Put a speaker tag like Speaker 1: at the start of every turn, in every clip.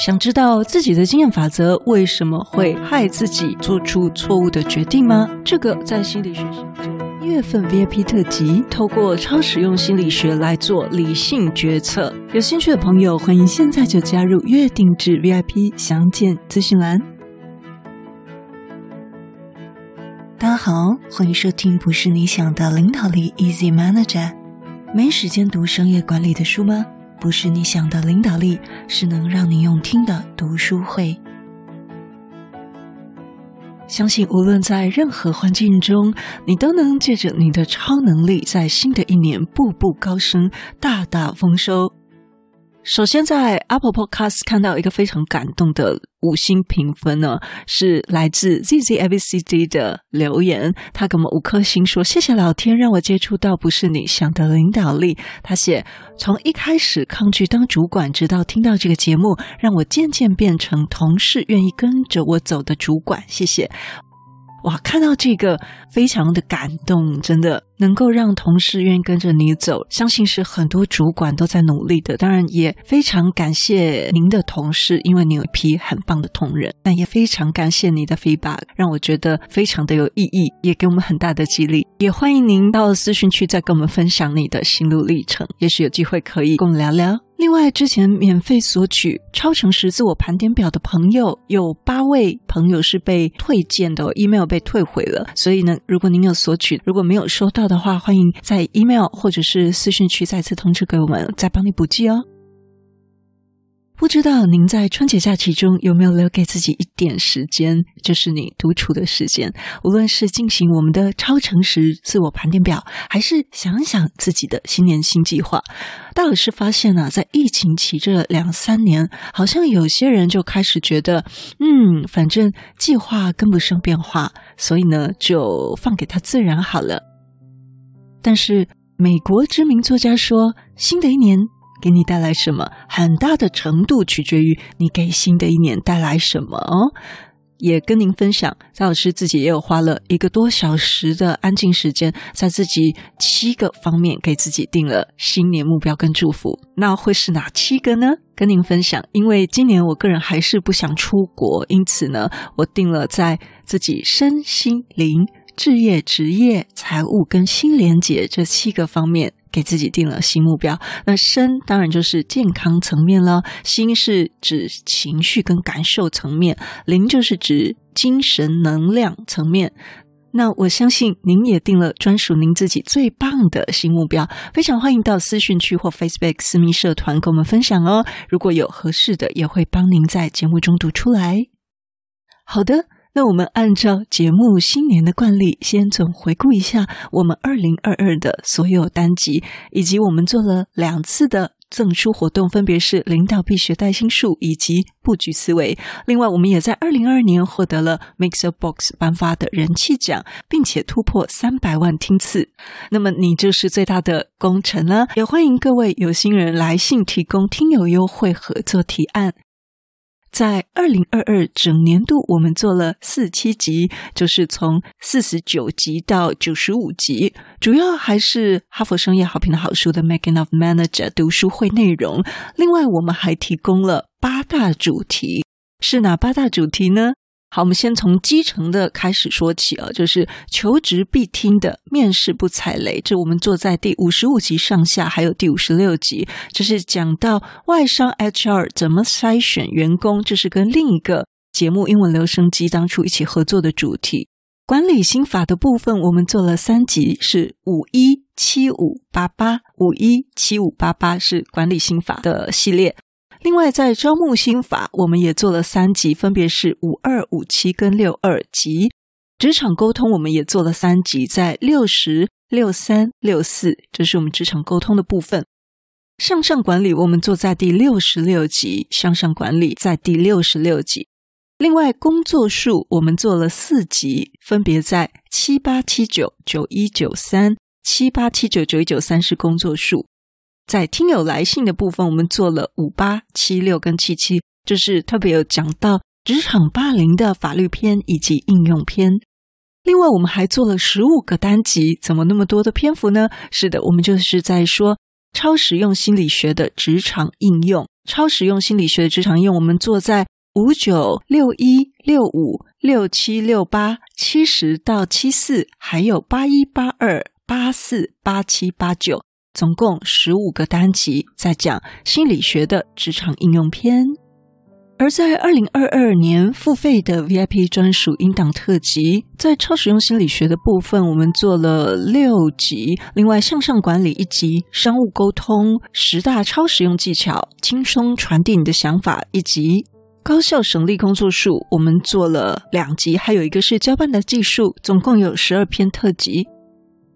Speaker 1: 想知道自己的經驗法則為什麼會害自己做出錯誤的決定嗎？這個在心理學上叫做一月份 VIP 特輯，透過超實用心理學來做理性決策。有興趣的朋友，歡迎現在就加入月訂制 VIP，詳見資訊欄。大家好，歡迎收聽不是你想的領導力 Easy Manager。沒時間讀商業管理的書嗎？不是你想的領導力，是能讓你用聽的讀書會。相信無論在任何環境中，你都能借着你的超能力，在新的一年步步高升，大大豐收。首先，在 Apple Podcast 看到一個非常感動的五星評分呢，是來自 ZZABCD 的留言。他給我們五顆星，說：“謝謝老天讓我接觸到不是你想的領導力。”他寫：“從一開始抗拒當主管，直到聽到這個節目，讓我漸漸變成同事願意跟着我走的主管。”謝謝。哇，看到這個非常的感動，真的能夠讓同事願意跟着你走，相信是很多主管都在努力的。當然也非常感謝您的同事，因為你有一批很棒的同仁，但也非常感謝你的 feedback，讓我覺得非常的有意義，也給我們很大的激勵。也歡迎您到私訊區再跟我們分享你的心路歷程，也許有機會可以跟我們聊聊。另外，之前免費索取超誠實自我盤點表的朋友有八位，朋友是被退件的哦，email 被退回了。所以呢，如果您有索取，如果沒有收到的話，歡迎在 email 或者是私訊區再次通知給我們，再幫你補寄哦。不知道您在春節假期中有沒有留給自己一點時間，就是你獨處的時間，無論是進行我們的超誠實自我盤點表，還是想想自己的新年新計劃。大老師發現啊，在疫情期這兩三年，好像有些人就開始覺得，嗯，反正計劃跟不上變化，所以呢，就放給他自然好了。但是，美國知名作家說，新的一年給你帶來什麼，很大的程度取決於你給新的一年帶來什麼哦。也跟您分享，張老師自己也有花了一個多小時的安靜時間，在自己七個方面給自己定了新年目標跟祝福。那會是哪七個呢？跟您分享，因為今年我個人還是不想出國，因此呢，我定了在自己身心靈、置業、職業、財務跟心連結這七個方面。給自己定了新目標，那身當然就是健康層面了，心是指情緒跟感受層面，靈就是指精神能量層面。那我相信您也定了專屬您自己最棒的新目標，非常歡迎到私訊區或 Facebook 私密社團跟我們分享哦。如果有合適的，也會幫您在節目中讀出來。好的。那我們按照節目新年的慣例，先總回顧一下我們二零二二的所有單集，以及我們做了兩次的贈書活動，分別是領導必學帶心術以及布局思維。另外，我們也在二零二二年獲得了 MixerBox 頒發的人氣獎，並且突破三百萬聽次。那麼你就是最大的功臣了，也歡迎各位有心人來信提供聽友優惠合作提案。在二零二二整年度，我們做了四七集，就是從四十九集到九十五集，主要還是《哈佛商業好評的好書》的《Making of Manager》讀書會內容。另外，我們還提供了八大主題，是哪八大主題呢？好，我們先從基層的開始說起啊，就是求職必聽的面試不踩雷。這我們做在第五十五集上下，還有第五十六集，這是講到外商 HR 怎麼篩選員工，這是跟另一個節目《英文留聲機》當初一起合作的主題。管理心法的部分，我們做了三集，是五一七五八八五一七五八八是管理心法的系列。另外，在招募心法，我們也做了三集，分別是五二、五七跟六二集。職場溝通，我們也做了三集，在六十、六三、六四，這是我們職場溝通的部分。向上管理，我們做在第六十六集；向上管理在第六十六集。另外，工作術我們做了四集，分別在七八、七九、九一、九三；七八、七九、九一、九三是工作術。在聽友來信的部分，我們做了五八七六跟七七，就是特別有講到職場霸凌的法律篇以及應用篇。另外，我們還做了十五個單集，怎麼那麼多的篇幅呢？是的，我們就是在說超實用心理學的職場應用。超實用心理學的職場應用，我們做在五九六一六五六七六八七十到七四，還有八一八二八四八七八九。總共十五個單集，在講心理學的職場應用篇；而在二零二二年付費的 VIP 專屬音檔特輯，在超實用心理學的部分，我們做了六集；另外向上管理一集，商務溝通十大超實用技巧，輕鬆傳遞你的想法一集，高效省力工作術我們做了兩集，還有一個是交辦的技術，總共有十二篇特輯。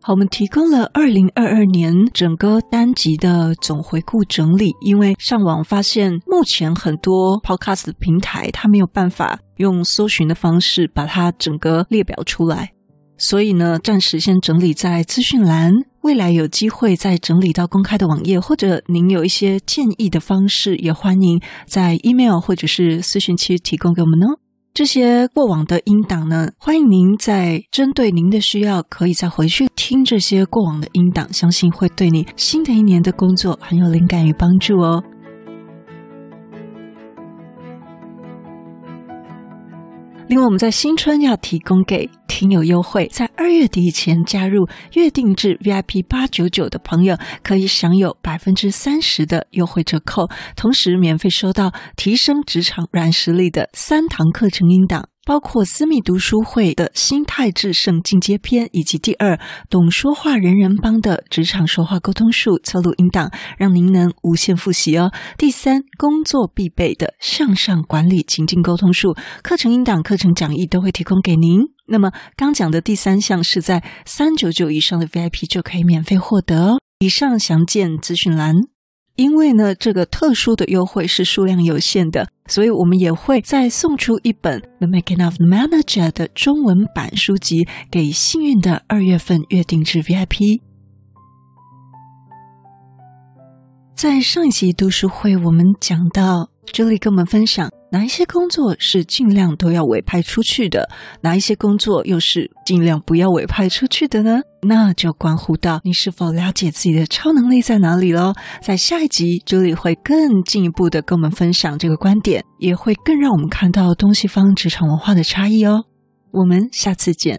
Speaker 1: 好，我們提供了二零二二年整個單集的總回顧整理，因為上網發現目前很多 Podcast 平台它沒有辦法用搜尋的方式把它整個列表出來，所以呢，暫時先整理在資訊欄，未來有機會再整理到公開的網頁，或者您有一些建議的方式，也歡迎在 Email 或者是私訊區提供給我們呢。這些過往的音檔呢，歡迎您在針對您的需要，可以再回去聽這些過往的音檔，相信會對你新的一年的工作很有靈感與幫助哦。另外，我們在新春要提供給聽友優惠，在二月底以前加入月定制 VIP 八九九的朋友，可以享有百分之三十的優惠折扣，同時免費收到提升職場軟實力的三堂課程音檔。包括私密讀書會的《心態致勝進階篇》，以及第二《懂說話人人幫》的《職場說話溝通術》側錄音檔，讓您能無限複習哦。第三，工作必備的《向上管理情境溝通術》課程音檔、課程講義都會提供給您。那麼，剛講的第三項是在三九九以上的 VIP 就可以免費獲得哦。以上詳見資訊欄。因為呢，這個特殊的優惠是數量有限的，所以我們也會再送出一本《The Making of Manager》的中文版書籍給幸運的二月份月訂制 VIP。在上一期讀書會，我們講到，這裡跟我們分享。哪一些工作是儘量都要委派出去的，哪一些工作又是儘量不要委派出去的呢？那就關乎到你是否了解自己的超能力在哪裡咯。在下一集，Julie 會更進一步的跟我們分享這個觀點，也會更讓我們看到東西方職場文化的差異哦。我們下次見。